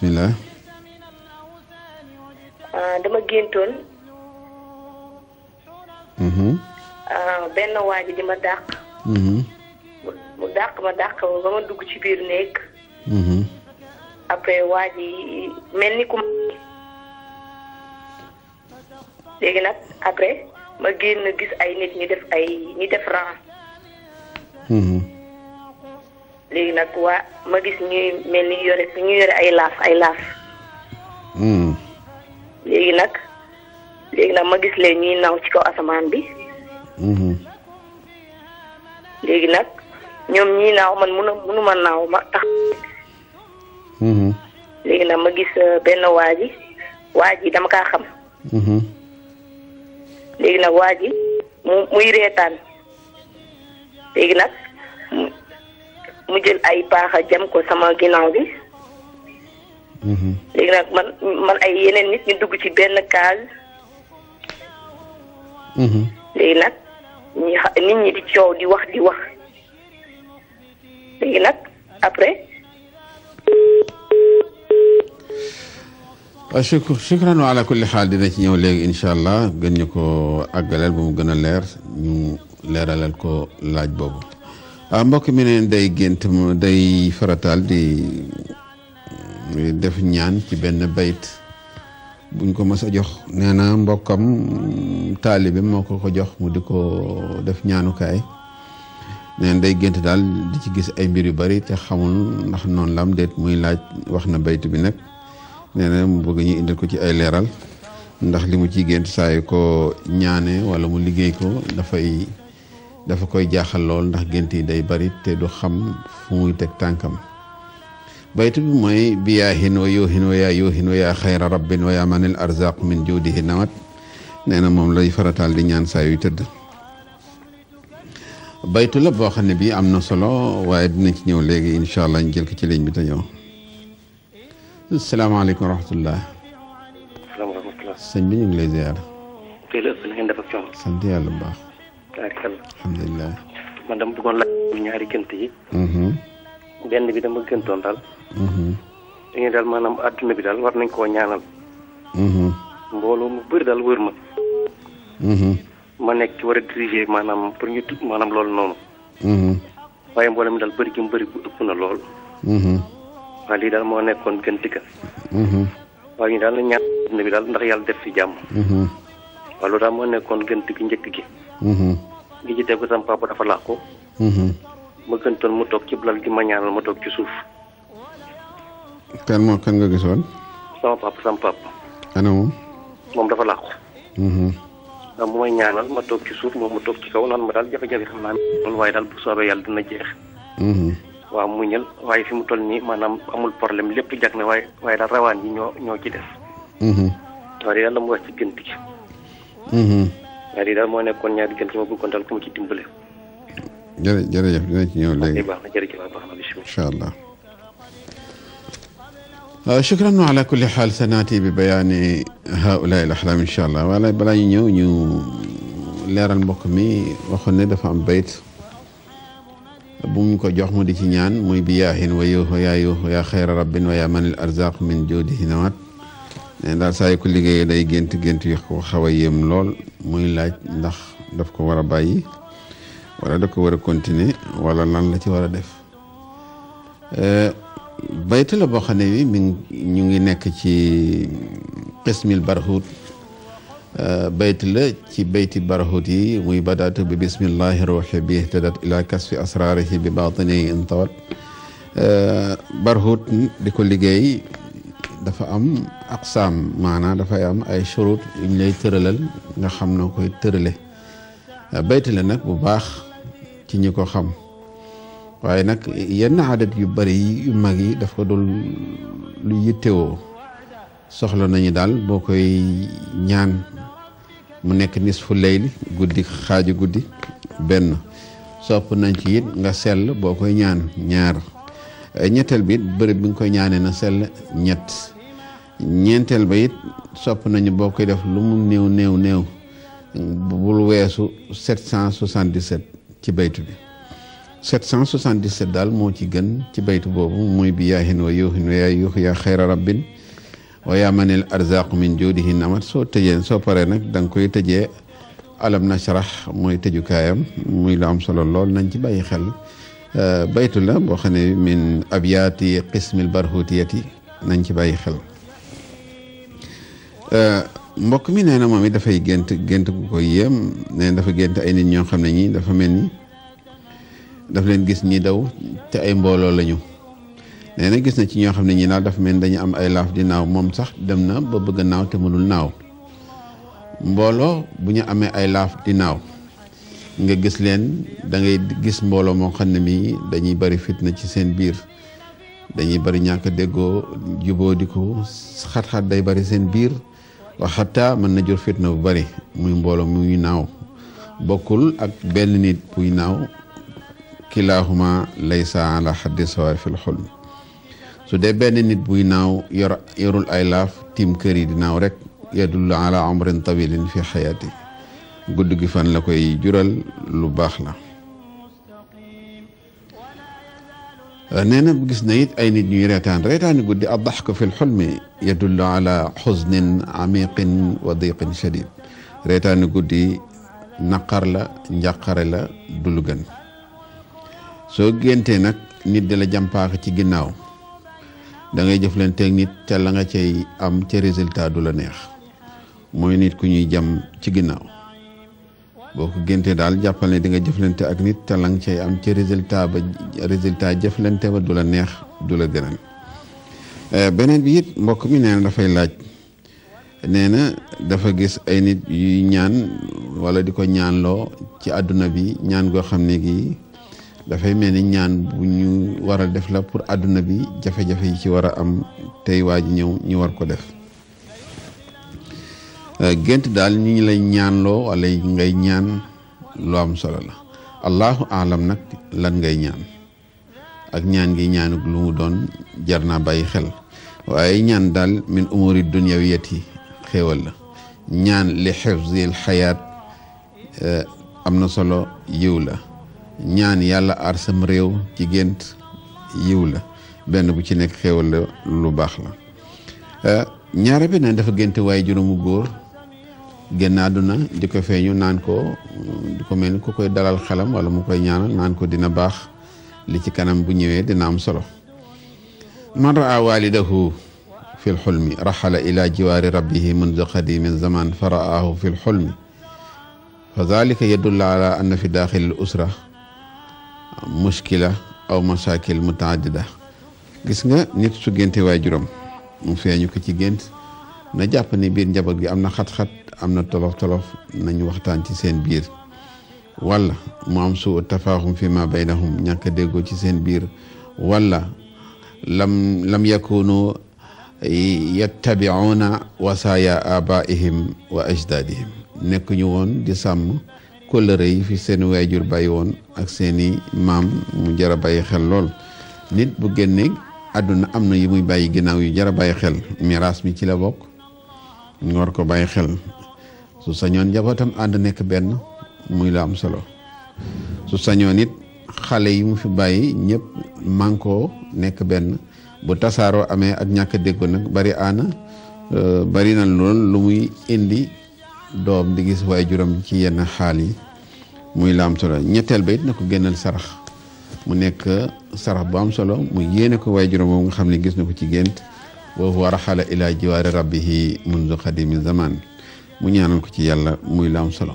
Ah, dama géntoon mhm. ah, benn waa ji di ma dàq mhm. mu dàq ma dàq ma ba ma dugg ci biir néeg mhm. après waa ji mel ni ku léegi nag après ma génn gis ay nit ñi def ay ñi def ran léegi nag waa ma gis ñuy mel ni yore ñu yore ay hmm. laaf ay laaf. léegi nag léegi nag ma gis leen ñuy naw ci kaw asamaan bi. Hmm. léegi nag ñoom naw man munu munuma naw ma tax. Hmm. léegi nag ma gis benn waji ji dama kaa xam. léegi nag muy reetaan léegi nag. mu jël ay paax a jam ko sama ginnaaw bi. Mhm. léegi nag ay yeneen nit ñu dugg ci benn kaal. Mhm. léegi nag ñi ñi di coow wax di wax léegi nag après. waaw shukur shukran wa ala kulli xaal dina ci ñëw léegi incha allah gën ñu ko àggaleel bu mu gën a leer ñu leeralal ko laaj boobu. a ah, mbokk mi neen day gént mu day farataal di eh, def ñaan ci benn bayit buñ ko mës a jox nee mbokkam taalibe moo ko ko jox mu di ko def ñaanukaay neen day gént daal di ci gis ay mbir yu bari te xamul ndax noonu lam déet muy laaj wax na baytu bi nag nee mu bëgg ñu indi ko ci ay leeral ndax li mu ciy gént saa ko ñaane wala mu liggéey ko dafay dafa koy jaaxal lool ndax gént yi day bari te du xam fu muy teg tànkam baytu bi mooy biyaahin wa yoohin wa yaa yoohin wa yaa xayra rabbin wa yaa manil arzaq min juudihi nawat nee na moom lay farataal di ñaan saa yuy tëdd baytu la boo xam ne bii am na solo waaye dinañ ci ñëw léegi incha allah ñu jël ko ci ligne bi te ñëw salaamaaleykum wa wa rahmatullah. sëñ la ëpp bu baax. taarikal alhamdulilah man dama bëggoon laaj ñaari gënt yi mm-hmm. benn bi mm-hmm. dama gëntoon daal dañu daal maanaam àdduna bi daal war nañ koo ñaanal mbooloo mm-hmm. mu bëri daal wër ma ma nekk ci war a diriger maanaam pour ñu tub maanaam loolu noonu waaye mbooloo mi daal bëri gi mu bëri bu ëpp na lool lii moo nekkoon gënt ga waaye ñu ñaan àdduna bi ndax yàlla def jàmm loolu daal moo nekkoon gënt gi njëkk gi li ci tegu sama papa dafa làqu mhm. ma gëntoon mu toog ci blal gi ma ñaanal ma toog ci suuf kan moo kan nga gisoon sama papa sama papa ana moom moom dafa làqu mhm. ndax mu ñaanal ma toog ci suuf moom mu toog ci kaw naan ma daal jafe-jafe xam naa loolu waaye daal bu soobee yàlla dina jeex mhm. waaw mu ñël waaye fi mu toll nii maanaam amul problème lépp jag na waaye waaye daal rawaan yi ñoo ñoo ci def waaye yàlla mu wax ci gënt gi ngari dal mo nekkon ñaar digal sama bu kontal kum ci dimbalé jere jere jef dina ci ñew légui baax jere ci baax ma bismillah inshallah شكرا على كل حال سناتي ببيان هؤلاء الاحلام ان شاء الله ولا بلا نيو ني ليرال مبوك مي واخون دا فام بيت بوم كو جوخ مودي سي نيان موي بياهين ويو يا يو يا خير رب ويا من الارزاق من جوده نوات ne daal saa gént gént yu ko xaw a yéem lool muy laaj ndax daf ko war a bàyyi wala daf ko war a continuer wala nan la ci war a def euh, baytu la boo xam ne bi mi ñu ngi nekk ci qismil barhut euh, bayt la ci bayti barhut yi muy badaatu bi bismillahi ruuxi bi ihtadat ila kasfi asraarihi bi baatini intawat euh, barhut di ko liggéey dafa am aqsaam maanaam dafay am ay shurut yuñ lay tëralal nga xam noo koy tërale baytale nag bu baax ci ñu ko xam waaye nag yenn adat yu bari yi mag yi dafa ko yittewoo soxla nañu daal boo koy ñaan mu nekk nisfu layli guddi xaaju guddi benn sopp nañ ci it nga sell boo koy ñaan ñaar ñetteel bi it bërëb bi nga koy ñaanee na sell ñett ñeenteel ba it sopp nañu boo koy def lu mu néew néew néew bul weesu 777 ci baytu bi 777 daal moo ci gën ci baytu boobu muy bi yaahin wa yuuhin wa yaa yuux yaa xayra rabbin wa yaa manil arzaqu min joodihi namat soo tëjee soo paree nag danga nga koy tëjee alam nashrah mooy tëjukaayam muy lu am solo lool nañ ci bàyyi xel euh, baytu la boo xam ne min abyaati qismil barhuutiyati nañ ci bàyyi xel Euh, mbokk mi nee na moom it dafay gént gént gu ko yéem nee dafa gént ay nit ñoo xam ne ñii dafa mel ni daf leen gis ñi daw te ay mbooloo lañu nee na gis na ci ñoo xam ne ñi daal dafa mel ni dañu am ay laaf di naaw moom sax dem na ba bëgg te mënul naaw mbooloo bu ñu amee ay laaf di naaw nga gis leen dangay ngay gis mbooloo moo xam ne mii dañuy bari fitna ci seen biir dañuy bari ñàkk déggoo jubóo di ko xat-xat day bari seen biir wa xataa mën na jur fitna bu bari muy mbooloo muy naaw bokkul ak benn nit buy naaw kilaahuma laysa ala xaddi sawaay fil xulm su dee benn nit buy naaw yor yorul ay laaf tiim kër yi di naaw rek yadullu ala umrin tawilin fi xayaati gudd gi fan la koy jural lu baax la Euh, nee na gis na it ay nit ñuy reetaan reetaani guddi a daxku fi lxulmi yadullu ala xusnin amiqin wa diqin shadid reetaani guddi naqar la njàqare la du lu gën soo géntee nag nit di la jàmpaaka ci ginnaaw da ngay jëflanteeg nit ca la nga cay am ca résultat du la neex mooy nit ku ñuy jam ci ginnaaw boo ko géntee daal jàppal ne di nga jëflante ak nit te lang cay am ci résultat ba résultat jëflante ba du la neex du la gënal euh, beneen bi it mbokk mi nee na dafay laaj nee na dafa gis ay nit yuy ñaan wala di ko ñaanloo ci àdduna bi ñaan goo xam ne gii dafay mel ni ñaan bu ñu war a def la pour àdduna bi jafe-jafe yi ci war a am tey waa ñëw ñu war ko def Euh, gént daal ñu ngi lay ñaanloo wala ngay ñaan lu am solo la allahu alam nag lan ngay ñaan ak ñaan gi ñaanuk lu mu doon jar naa bàyyi xel waaye ñaan daal min umuri dunyawiyat yi xéewal la ñaan li xifzil xayaat euh, am na solo yiw la ñaan yàlla aar sam réew ci gént yiw la benn bu ci nekk xéewal la lu baax la euh, ñaare bi dafa gént waaye juróomu góor génn àdduna di ko feeñu naan ko di ko mel ni ku koy dalal xelam wala mu koy ñaanal naan ko dina baax li ci kanam bu ñëwee dina am solo man raa walidahu fi lxulmi raxala ila jiwaari rabbihi mundu qadimin zaman fa raahu fi lxulmi fa dalika yadullu ala anna fi daaxili l usra mushkila aw masaakil mutaadida gis nga nit su génte waajuram mu feeñu ko ci gént na jàpp ni biir njaboot gi am na xat-xat am na tolof-tolof nañu waxtaan ci seen biir wala mu am su fi ma baynahum ñàkk a déggoo ci seen biir wala lam lam yakunu yattabiuuna wasaaya abaihim wa ajdadihim nekk ñu woon di sàmm kóllëre yi fi seen waajur bàyyi woon ak seeni maam mu jar a bàyyi xel lool nit bu génne àdduna am na yu muy bàyyi ginnaaw yu jar a bàyyi xel miraas mi ci la bokk ñu war ko baye xel su sañon jabatam and nek ben muy la am solo su sañon nit xalé yi mu fi baye ñëpp manko nek ben bu tasaro amé ak ñak nak bari ana euh, bari na lool lu muy indi doom di gis way juram ci yenn xal yi muy la am solo ñettel ba it na ko sarax mu nek sarax bu am solo mu yene ko way juram moom nga xamni gis na ko ci وهو رحل إلى جوار ربه منذ قديم الزمان مونيانن كو سي يالا موي لام سولو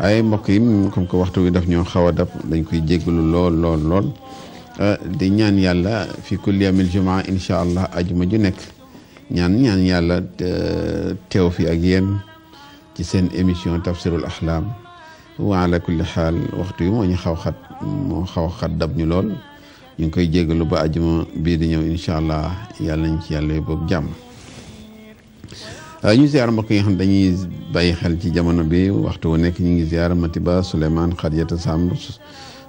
اي موكي كوم كو وقتو وي داف نيو خاوا داب داني جيغلو لول لول لول دي نيان يالا في كل يوم الجمعه ان شاء الله اجما جو نيك نيان نيان يالا تيو في اك يين سي سين ايميسيون تفسير الاحلام وعلى كل حال وقتو مو ني خاوا خات مو خاوا خات داب ني لول ñu ngi koy jégalu ba ajuma bii di ñëw incha allah yàlla nañ ci yàlla boobu jàmm. ñu ziar mbokk yi nga xam dañuy bàyyi xel ci jamono bi waxtu wu nekk ñu ngi ziar Matiba Souleymane Khadijata Samb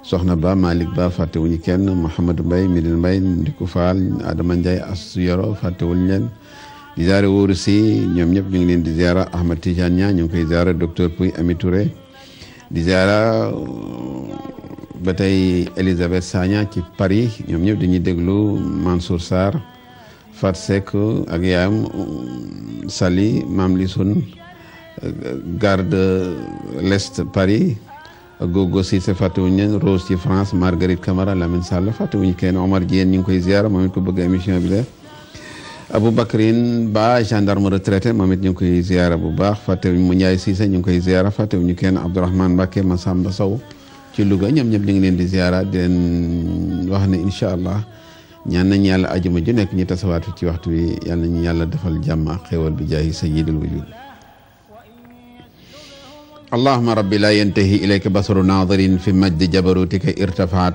Soxna Ba Malick Ba fàttewuñu kenn Mouhamadou Mbaye Midine Mbaye Ndiku Fall Adama Ndiaye Assou Yoro fàttewuñu leen. di ziare wóoru si ñoom ñëpp ñu ngi leen di ziara Ahmad Tidiane Niang ñu ngi koy ziara docteur Pouy Ami Touré di ziara ba tey Elisabeth Sagna ci Paris ñoom ñëpp dañuy déglu Mansour Sarr Fat Seck ak yaayam Sali Mam Lisoun gare de l'Est Paris Gogo Cissé fàttewuñu leen Rose ci France Marguerite Camara Lamine Sall fàttewuñu kenn Omar Diène ñu ngi koy ziar moom it ko bëgg émission bi la Aboubacrine Ba gendarme retraité moom it ñu ngi koy ziar bu baax fàttewuñu mu Ndiaye Cissé ñu ngi koy ziar fàttewuñu kenn Abdourahmane Mbacké Massamba Sow ci Louga ñoom ñëpp ñu ngi leen di ziara di leen wax ne incha allah ñaan nañ yàlla ajuma ju nekk ñu tasawaat fi ci waxtu wi yàlla nañu yàlla defal jàmm ak xéewal bi jaahi sayyidil wujud اللهم رب لا ينتهي إليك بصر ناظر في مجد جبروتك ارتفعت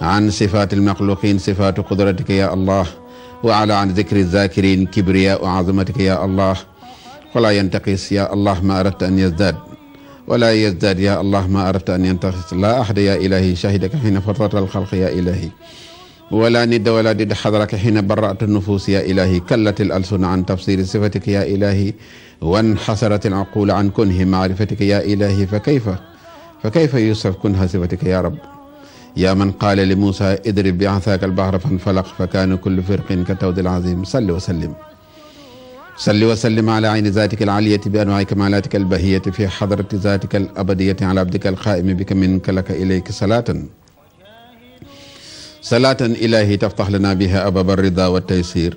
عن صفات المخلوقين صفات قدرتك يا الله وعلى عن ذكر الذاكرين كبرياء عظمتك يا الله ولا ينتقص يا الله ما أردت أن يزداد ولا يزداد يا الله ما أردت أن ينتقص لا أحد يا إلهي شهدك حين فطرت الخلق يا إلهي ولا ند ولا ضد حضرك حين برأت النفوس يا إلهي كلت الألسن عن تفسير صفتك يا إلهي وانحسرت العقول عن كنه معرفتك يا إلهي فكيف فكيف يوسف كنه صفتك يا رب يا من قال لموسى اضرب بعثاك البحر فانفلق فكان كل فرق كالتود العظيم صل وسلم صل وسلم على عين ذاتك العالية بأنواع كمالاتك البهية في حضرة ذاتك الأبدية على عبدك القائم بك منك لك إليك صلاة صلاة إلهي تفتح لنا بها أبواب الرضا والتيسير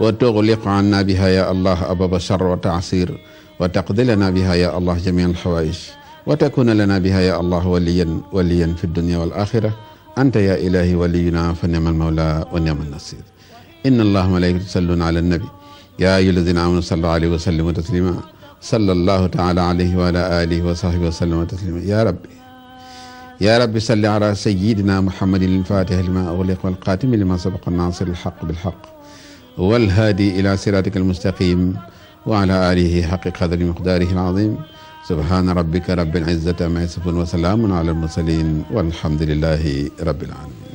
وتغلق عنا بها يا الله أبواب الشر والتعسير وتقضي لنا بها يا الله جميع الحوائج وتكون لنا بها يا الله وليا وليا في الدنيا والآخرة أنت يا إلهي ولينا فنعم المولى ونعم النصير إن الله ملائكته يصلون على النبي يا أيها الذين آمنوا صلوا عليه وسلموا تسليما صلى الله تعالى عليه وعلى آله وصحبه وسلم تسليما يا ربي يا رب صل على سيدنا محمد الفاتح لما أغلق والقاتم لما سبق الناصر الحق بالحق والهادي إلى صراطك المستقيم وعلى آله حق قدر مقداره العظيم سبحان ربك رب العزة ما يصفون وسلام على المرسلين والحمد لله رب العالمين